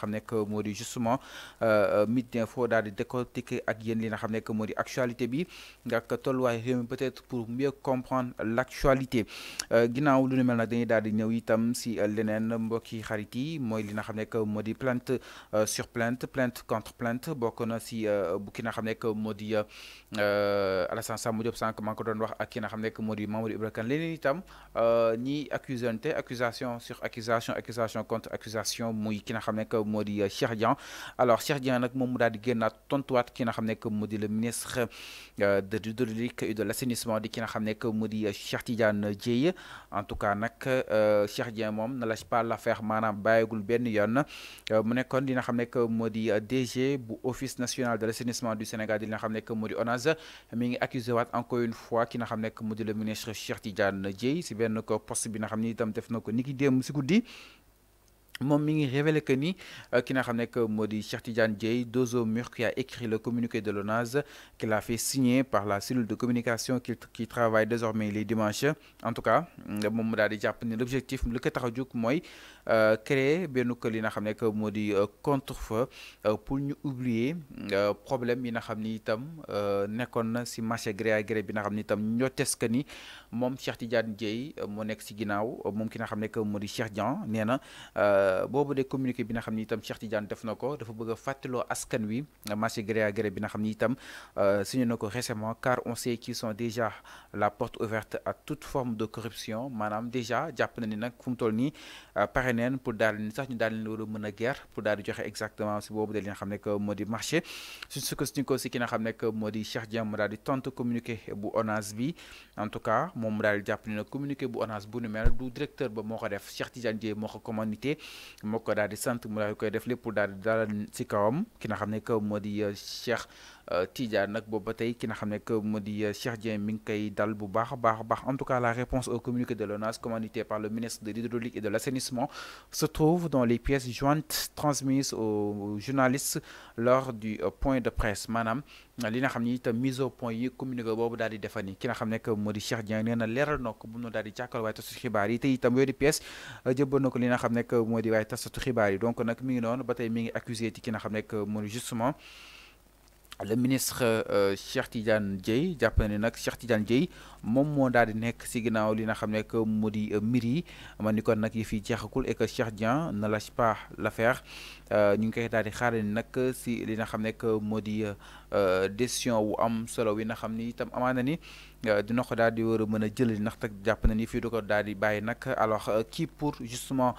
xam nekk moo justement euh, euh, midi d'info daal di décortiquer ak yéen li nga que modi actualité bi ngak tolluwaay peut-être pour mieux comprendre l'actualité euh, ginnaaw lu le mel nak dañuy daal di ñëw itam si leneen mbokki xarit yi moy li nga xam que modi plainte sur plainte plainte contre plainte bokk na si bu ki nga xam nekk modi euh Alassane de Diop sànq maa ngi ko doon wax ak ki nga xam nekk Mamadou Ibrahim leneen accusante accusation sur accusation accusation contre accusation moy ki nga xam moo di euh, Cheikh Dieng alors Cheikh Dieng nag moom mu daal di génnaat tontuwaat ki nga xam ne que moo di le ministre euh, de l'hydraulique et de l'assainissement di ki nga xam ne que moo di euh, Cheikh Tidiane Dièye en tout cas nag Cheikh Dieng moom ne lâche pas l'affaire maanaam bàyyigul benn yoon mu nekkoon dina xam ne que moo di DG bu office national de l'assainissement du Sénégal di nga xam ne que moo di ONAS mi ngi accusé waat encore une fois ki nga xam ne que moo di le ministre Cheikh Tidiane Dièye si benn ko poste bi nga xam ne itam def na ko niki démb si guddi mom mi ngi révélé que ni euh, ki nga xamné que Modi Cheikh Tidiane Dieye Dozo Mur qui a écrit le communiqué de l'ONAS qu'il a fait signer par la cellule de communication qui qui travaille désormais les dimanches en tout cas mom mm, mu di japp ni l'objectif le ko tax a jóg mooy euh, créer benn que li nga xamné que Modi euh, contre-feu pour ñu oublier mm, problème yi nga xamni ni euh, nekkoon na si marché gré à gré bi nga xamni ni itam que ni mom Cheikh Tidiane Dieye mo nek ci ginaaw mom ki nga xamné que Modi Cheikh Dian néna euh, boobu de communiquer bi nga xamni itam Cheikh Tidiane def nako ko dafa bëgg a askan wi marché gré à gré bi nga xamni itam euh, signé na récemment car on sait qu'ils sont déjà la porte ouverte à toute forme de corruption manam déjà japp na ni nak fu mu toll nii euh, pour dal ni sax ñu dal ni war mëna guerre pour dal joxe exactement si boobu de li nga xam ne que moo di marché suñ sukkandiku ko si ki nga xamne ne que modi Cheikh Dieng dal daal di tontu communiqué bu ONAS bi en tout cas mom dal japp di ni nag communiqué bu ONAS bu ñu mel du directeur ba moko def Cheikh Tidiane Dieng moo moo ko daal di sant mu daal koy def lépp daal di dalal si kawam ki na xam ne kaw moo di euh, Cheikh Euh, Tidiane nak boobu ba ki nga xam que mu di euh, Cheikh Dieng mi ngi dal bu baax baax baax en tout cas la réponse au communiqué de l'ONAS commandité par le ministre de l'hydraulique et de l'assainissement se trouve dans les pièces jointes transmises aux journalistes lors du euh, point de presse manam li nga xamni mise au point yi communiqué bobu dal di defani ki nga xam que mu di Cheikh Dieng nee na leeral na bu mu dal di ciakal way tassu xibaar yi te itam yooyu pièce jëbbal na li nga xam que moo di xibaar yi donc on mi ngi noonu ba tey mi ngi accusé ci ki nga que justement le ministre Cheikh euh, Tidiane Diey japp ne nak Cheikh Tidiane Diey mom mo dal di nek ci ginaaw li nga xamne ko modi euh, miri man ni kon nak yefi jexakul et que Cheikh Dian ne lâche pas l'affaire euh, ñu ngi koy dal di xare nak ci li nga xamne ko modi euh, Euh, décision wu am solo wi nga xamni tam amana ni euh, dina ko daal di war a jël ndax tak japp na ni fi du ko daal di bàyyi nag alors euh, qui pour justement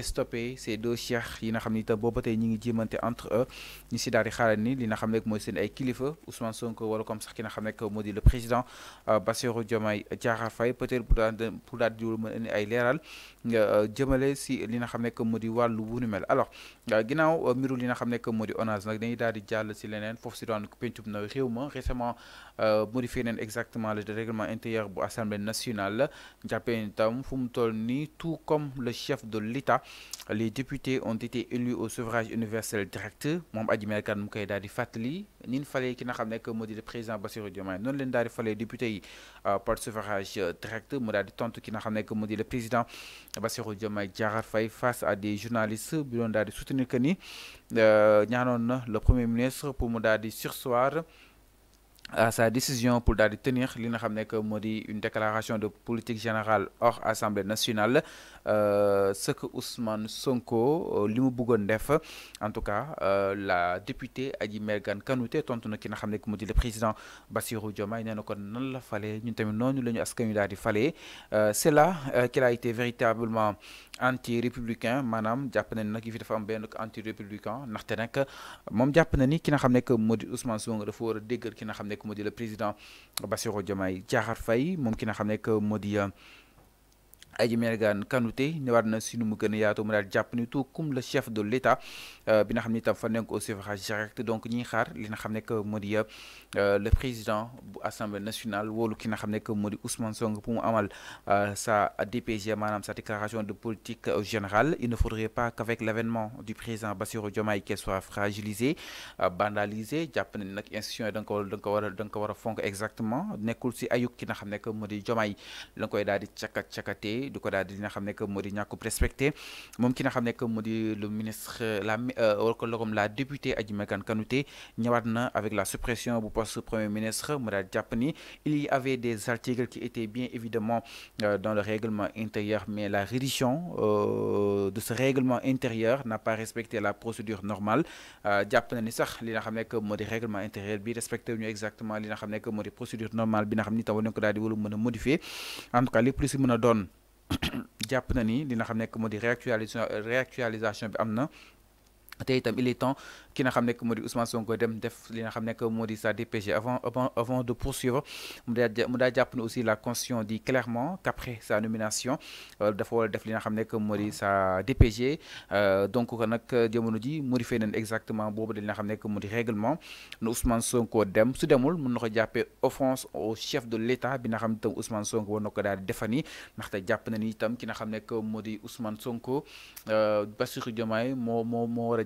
stopper ces dossiers yi nga xamni ni itam booba ñi ngi jimante entre eux ñi si daal di ni li nga xam nekk mooy seen ay kilifa Ousmane Sonko wala comme sax ki nga xam nekk moo di le président Bassirou Diomaye Diakhar Faye peut-être pour daal pour daal di mën a indi ay leeral jëmale si li nga xam nekk moo di wàllu wu mel alors ginaaw miru li nga xam nekk moo di ONAS nag dañuy daal di jàll si leen foofu si doon na récemment euh, modifié exactement le règlement intérieur bu assemblée nationale j'appelle itam fu tout comme le chef de l'État les députés ont été élus au suffrage universel direct mom aji melkan mou koy daal fatali ni nin ki nga le président Bassirou Diomaye non len non di député yi euh, par suffrage euh, direct mu daal di tontu ki nga xamné que moo le président Bassirou Diomaye Diakhar face à des journalistes bi don soutenir que ni ñaanon le premier ministre pour mu daal sursoir à sa décision pour d'aller tenir li que une déclaration de politique générale hors assemblée nationale euh, ce que Ousmane Sonko euh, Limou mu en tout cas euh, la députée Adji Mergan Kanouté tant na ki nga que le président Bassirou Diomaye nee na kon nan la fale ñun tamit noonu la askan wi daal di c'est là qu'il a été véritablement anti-républicain madame jàpp na ni nag yi bien dafa am anti-républicain ndaxte nag que mon na ni ki que Ousmane Sonko dafa war a déggal ki ne di le président Bassirou Diomaye Diakhar Faye moom ki nga xam ne moo di euh, Aji Mergane Kanouté ñëwaat na si mu gëna yaatu mu dal japp ni tout comme le chef de l'État euh, bi nga xamni ne itam fa nekk au suffrage direct donc ñi xaar li nga xam que modi euh le président bu assemblée nationale wolu ki nga xam que modi Ousmane Sonko pour mu amal euh, sa DPG manam sa déclaration de politique générale il ne faudrait pas qu'avec l'avènement du président Bassirou Diomaye qu'elle soit fragilisée euh, banalisée japp nañ nak institution donc, donc, nga donc, da fonk exactement nekul si ayuk ki nga xam que modi Diomaye la koy daal di cakak cakatee donc du ko daal di nga xam ne que moo di respecté moom ki nga xam que moo le ministre la wala euh, loxom la députée Adji Mergane Kanouté ñëwaat na avec la suppression du poste premier ministre mu daal ni il y avait des articles qui étaient bien évidemment euh, dans le règlement intérieur mais la rédition euh, de ce règlement intérieur n'a pas respecté la procédure normale jàpp na ni sax li nga xam ne que moo règlement intérieur bi respecté ñu exactement li nga xam ne que moo procédure normale bi nga xam ni taw ñu ko daal di wala modifier en tout cas li policiers nous mën jàpp na ni dina nga xam réactualisation réactualisation bi amna te itam il est temps ki nga xam nekk moo Ousmane Sonko dem def li nga xam nekk moo di sa DPG avant avant avant de poursuivre mu daa mu daa jàpp ne aussi la constitution dit clairement qu'après sa nomination euh, dafa war a def li nga xam nekk moo di sa DPG euh, donc nag euh, jamono ji modifié nañ exactement boobu da li nga xam nekk moo di règlement ne Ousmane Sonko dem su demul mën na ko jàppee offense au chef de l'État bi nga xam itam Ousmane Sonko war na ko daal di defani ndaxte jàpp na ni itam ki nga xam nekk moo di Ousmane Sonko Bassirou Diomaye moo moo moo war a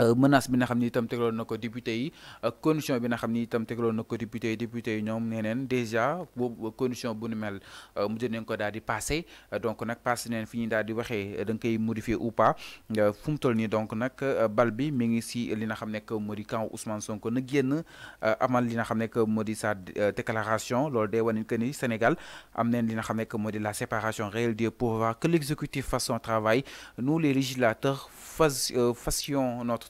Euh, menace bi nga xamni tam itam nako député yi condition bi nga xamni tam itam nako député yi député yi ñoom déjà condition bu ñu mel euh, mujj nañ ko daal di passé euh, donc nak passé neen fi ñuy daal di waxé da nga modifier ou pas fu mu toll donc nak bal bi mi ngi si li nga xam nekk moo Ousmane Sonko na génn amal li nga xam nekk moo sa déclaration lool day wane que ni Sénégal am neen li nga xam nekk modi la séparation réelle des pouvoirs que l'exécutif fasse son travail nous les législateurs fassions notre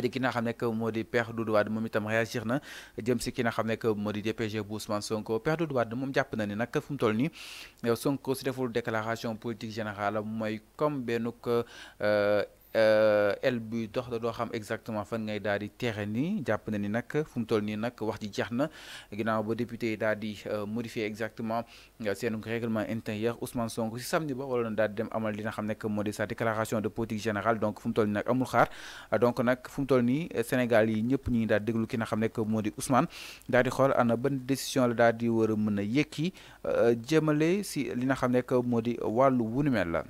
di ki nga xam ne moo di Père du duwaat moom itam réagir na jëm si ki na xam ne moo di DPG bu Ousmane Sonko Père Doudou moom jàpp na ni nag fu mu toll nii Sonko si deful déclaration politique générale mooy comme benn euh, el euh, bu dox da do xam exactement fan ngay daal di ni na ni nak fum mu toll nii nag wax ji jeex na ginnaaw ba député yi euh, modifier exactement euh, seen règlement intérieur Ousmane Sonko si samedi ba wala daal di dem amal li nga xam nekk modi sa déclaration de politique générale donc fum toll nii amul xaar donc nak fum toll Sénégal yi ñëpp ñi ngi deglu ki nga xam nekk modi Ousmane daal xol ana ban décision la daal di mëna a mën si li nga xam nekk modi walu wunu mel la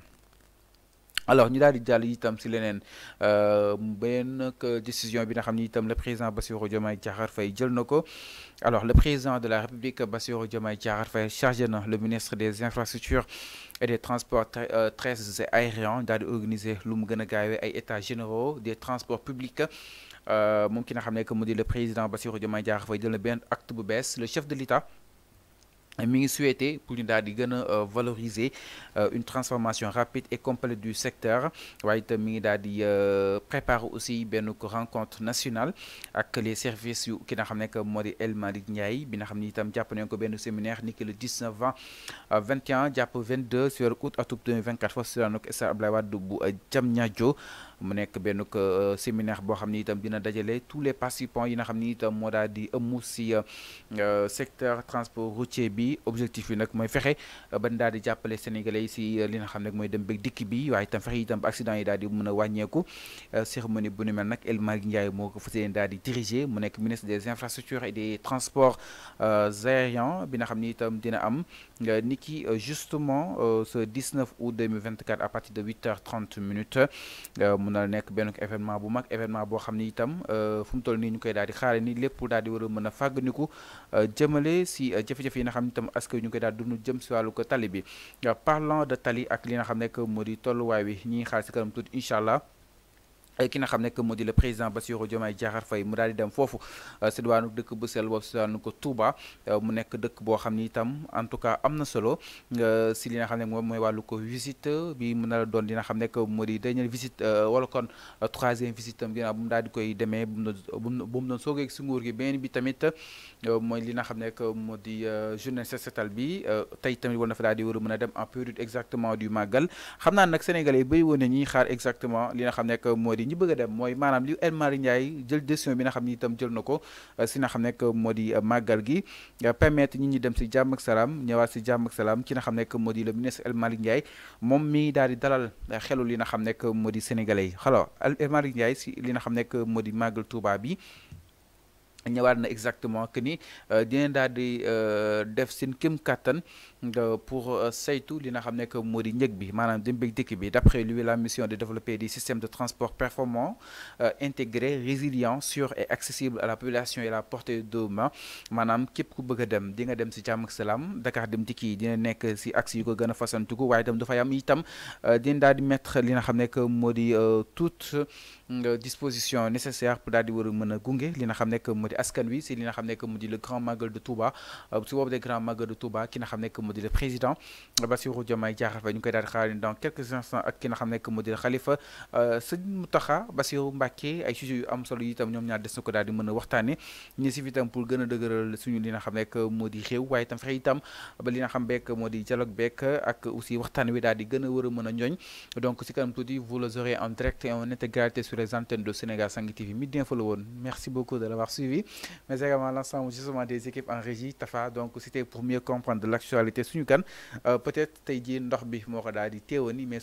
alors ñu daal di jàll itam si leneen euh, beneen que décision bi nga xam itam le président Bassirou Diomaye Diakhar Faye jël na ko alors le président de la République Bassirou Diomaye Diakhar Faye chargé na le ministre des infrastructures et des transports terrestres euh, aériens daal di organiser lu mu gën a gaawee ay états généraux des transports publics euh, moom ki nga xam ne que mu di le président Bassirou Diomaye Diakhar Faye jël na benn acte bu bees le chef de l'État mi ngi souhaité pour ñu dadi gëna euh, valoriser euh, une transformation rapide et complète du secteur waye itam ngi euh, préparer aussi benn rencontre nationale ak les services yu ki nga xam ne que moo El Malick Ndiaye bi nga xam ne itam ko ben séminaire ni le 19 21 japp 22 sur août atum 2024 foofu si daanaka Abdoulaye Wade bu Diamniadio mu nekk benn euh, séminaire boo xam ni itam dina dajale tous les participants yi nga xamni ni itam moo daal di ëmmu si euh, euh, secteur transport routier bi objectif yi nak moy fexé ba daal di jappalé sénégalais ci si li nga xamni ne mooy dem beeg dikki bi waaye itam fexe itam accident yi daal di mëna a wàññeeku cérémonie bu ni mel nak El Malick Ndiaye moo ko fas di diriger mu nek ministre des infrastructures et des transports aériens bi nga xamni ni itam dina am niki justement ce 19 août 2024 à partir de 8h30 minutes. mu na nekk benn événement bu mag événement boo xam ne itam euh, fu mu toll nii ñu koy daal di xaare ni lépp daal di war a mën a fàgganiku euh, jëmale si euh, jafe-jafe yi nga xam ne itam askan ñu koy daal dund jëm si wàllu tali bi parlant de tali ak li nga xam ne que moo di wi ñi xaar si kanam tuuti incha allah. ki nga xamne nekk modi le président Bassirou diomay jaxar fay mu daal di dem fofu si diwaanu dëkk bu sell boobu si ko Touba mu nek deuk bo xamni tam en tout cas amna solo si li nga xamne ne moom mooy ko visite bi mu na a doon li nga xam nekk moo di visite wala kon troisième visite tam ginnaaw bu mu daal di koy deme bu mu don soge mu doon nguur gi ben bi tamit moy li nga xamne nekk modi di journée setal bi tay tamit war fa daal di war a mën dem en période exactement du magal xamna nak sénégalais yi woné ñi xaar exactement li nga xamne nekk modi yi ñu bëgg a dem mooy maanaam li El Malick jël décision bi na xam ni itam jël na ko euh, si nga xam nekk moo di euh, màggal gi euh, permettre ñi ñi dem si jàmm ak salaam ñëwaat si jàmm ak salaam ci nga xam nekk moo di le ministre El Malick Ndiaye moom mi daal di dalal xelu li na xam nekk moo di sénégalais yi alors El Malick si li na xam nekk moo di màggal Touba bi ñëwaat na exactement que ni euh, dina daal di euh, def seen kim kattan euh, pour saytu li nga xam ne que moo di njëg bi maanaam dem bëgg dikk bi d'après lui la mission de développer des systèmes de transport performants intégrés résilients sûrs et accessibles à la population et à la portée de main maanaam képp ku bëgg a dem di nga dem si jàmm ak salaam Dakar dem dikki dina nekk si axe yu ko gën a fasantuku waaye itam dafay am itam dina daal di mettre li nga xam ne que moo di toute disposition nécessaire pour daal di war a mën a gunge li nga xam ne que moo di askan wi si li nga xamné que mu di le grand magal de Touba ci euh, bobu de grand magal de Touba ki nga xamné que mu di le président euh, Bassirou Diomaye Diakhar Faye ñu koy daal xaar dans quelques instants ak ki nga xamné que mu di le xalifa euh, sëñ Mountakha Bassirou Mbacké ay sujets yu am solo itam ñom ñaar dess na ko daal di mëna waxtané ñi ñu si pour gëna a suñu li nga xamné que moo di réew waaye itam fexe itam ba li nga xam bekk moo di dialogue bekk ak aussi waxtaan wi daal di gëna a mëna a donc ci kanam tout tuuti vous les aurez en direct et en intégralité sur les antennes de Sénégal 5 TV Midi Info la woon merci beaucoup de l'avoir suivi mais également l'ensemble justement des équipes en régie Tafa donc c'était pour mieux comprendre l'actualité suñu kan euh, peut-être tay di ndox bi moko ko daal di mais